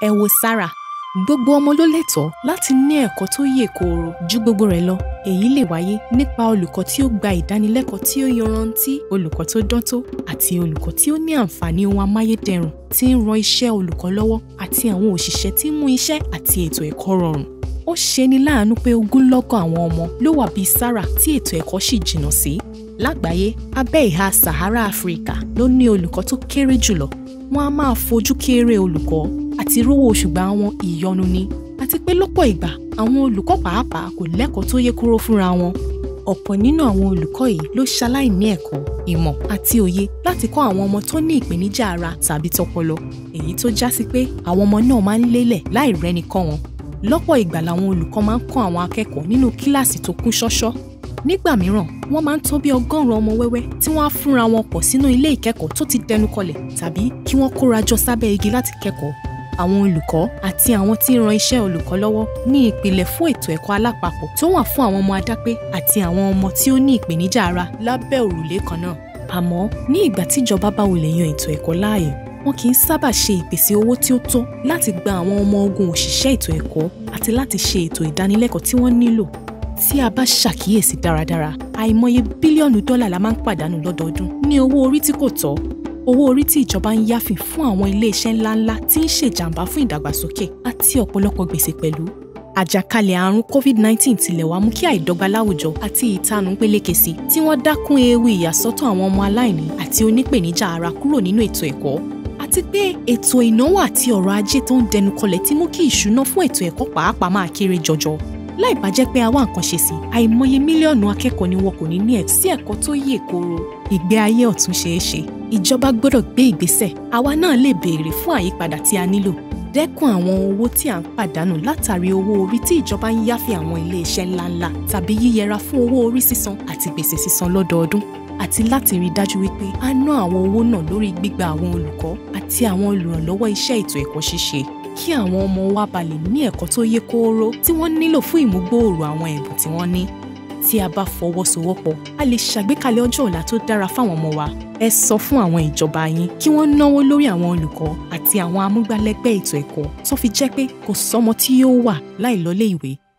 ẹ wo Sarah gbogbo ọmọ ló lẹ́tọ̀ọ́ láti ní ẹ̀kọ́ tó yè kooro ju gbogbo rẹ̀ lọ èyí lè wáyé nípa olùkọ́ tí ó gba ìdánilẹ́kọ̀ọ́ tí ó yanrantí olùkọ́ tó dántó àti olùkọ́ tí ó ní àǹfààní ohun amáyédẹrùn tí ń ran iṣẹ́ olùkọ́ lọ́wọ́ àti àwọn òṣìṣẹ́ tí ń mú iṣẹ́ àti ètò ẹ̀kọ́ rọrùn ó ṣeni láàánú pé ogúnlọ́gọ̀ àwọn ọmọ ló wà bíi Sarah tí ètò ẹ̀kọ́ sì jìnnà sí lágbàáyé abẹ́ ìhà Sahara Africa ló ní olùkọ́ tó kéré jùlọ wọ́n á máa fojú kéré olùkọ́ láti rówó oṣù gbà wọn ìyọnu ni àti pé lọ́pọ̀ ìgbà àwọn olùkọ́ pàápàá kò lẹ́kọ̀ọ́ tó yẹ kúrò fúnra wọn ọ̀pọ̀ nínú àwọn olùkọ́ yìí ló ṣaláìní ẹ̀kọ́ ìmọ̀ àti òye láti kọ́ àwọn ọmọ tó ní ìpèníjà ara tàbí tọpọlọ èyí tó já sí pé àwọn ọmọ náà máa ń lélẹ̀ láì rẹ́ni kọ́ wọn lọ́pọ̀ ìgbà làwọn olùkọ́ máa ń kọ́ àwọn akẹ́kọ̀ọ́ nínú kíláàsì tó kún ṣọ́ṣọ́ nígbà mìíràn wọ́n máa ń tó bí ọgọ́rùn ọmọ wẹ́wẹ́ tí wọ́n á fúnra wọn pọ̀ sínú ilé ìkẹ́kọ̀ọ́ tó ti dẹnukọlẹ̀ tàbí kí wọ́n kórajọ sábẹ́ igi láti kẹ́kọ̀ọ́ àwọn olùkọ́ àti àwọn tí ń ran iṣẹ́ olùkọ́ lọ́wọ́ ní ìpìlẹ̀ fún ètò ẹ̀kọ́ alápapọ̀ tó wà fún àwọn ọmọ adápé àti àwọn ọmọ tí ó ní ìpèníjà ara lábẹ́ òrùlé kan náà àmọ́ ní ìgbà tíjọba bá wulẹ̀ yan ètò ẹ̀kọ́ láàyò wọn kì í sábà ṣe ìpèsè owó tí ó tó láti gba àwọn ọmọ ogun òṣìṣẹ́ ètò ẹ̀kọ́ àti láti ṣe ètò ìdánilẹ́kọ̀ọ́ tí wọ́n nílò tí a bá ṣàkíyèsí dáradára àìmọye bílíọ̀nù dọ́là la máa ń pàdánù lọ́dọọdún ní owó orí tí kò tọ́ owó orí tí ìjọba ń yáfìn fún àwọn iléeṣẹ́ ńláńlá tí ń ṣèjàmbá fún ìdàgbàsókè àti ọ̀pọ̀lọpọ̀ gbèsè pẹ̀lú. Àjàkálẹ̀ àrùn COVID-19 tilẹ̀ wá mú kí àìdọ́gba láwùjọ àti ìtanù peléke sí tí wọ́n dákún ewu ìyàsọ́tọ̀ àwọn ọmọ aláìní àti onípèníjà ara kúrò nínú ètò ẹ̀kọ́ àti pé ètò ìnáwó àti ọrọ̀ ajé tó ń dẹnukọlẹ̀ ti mú kí ìṣúná fún ètò ẹ̀kọ́ pàápàá máa kéré jọjọ láì bá pé a wá nǹkan ṣe sí i àìmọye mílíọ̀nù akẹ́kọ̀ọ́ ni wọn kò ní ní ẹ̀ sí ẹ̀kọ́ tó yè kooro ìgbé ayé ọ̀tún ṣeé ṣe ìjọba gbọ́dọ̀ gbé ìgbésẹ̀ àwa náà lè béèrè fún àyípadà tí a nílò dẹ́kun àwọn owó tí à ń pàdánù látàrí owó orí tí ìjọba ń yá fi àwọn iléeṣẹ́ ńláńlá tàbí yíyẹra fún owó orí sísan àti gbèsè sísan lọ́dọọdún àti láti rí dájú wípé a ná àwọn owó náà lórí gbígba àwọn olùkọ́ àti àwọn olùrànlọ́wọ́ iṣẹ́ ètò ẹ̀kọ́ ṣíṣe kí àwọn ọmọ wa bà lè ní ẹ̀kọ́ tó yé kóóró tí wọ́n nílò fún ìmúgbòòrò àwọn ẹ̀bùn tí wọ́n ní tí a bá fọwọ́sowọ́pọ̀ a lè ṣàgbékalẹ̀ ọjọ́ ọ̀la tó dára fáwọn ọmọ wa ẹ sọ fún àwọn ìjọba yín kí wọ́n náwó lórí àwọn olùkọ́ àti àwọn amúgbálẹ́gbẹ́ ètò ẹ̀kọ́ tó fi jẹ́ pé kò sọ́mọ tí yóò wà láìlọ́lé ìwé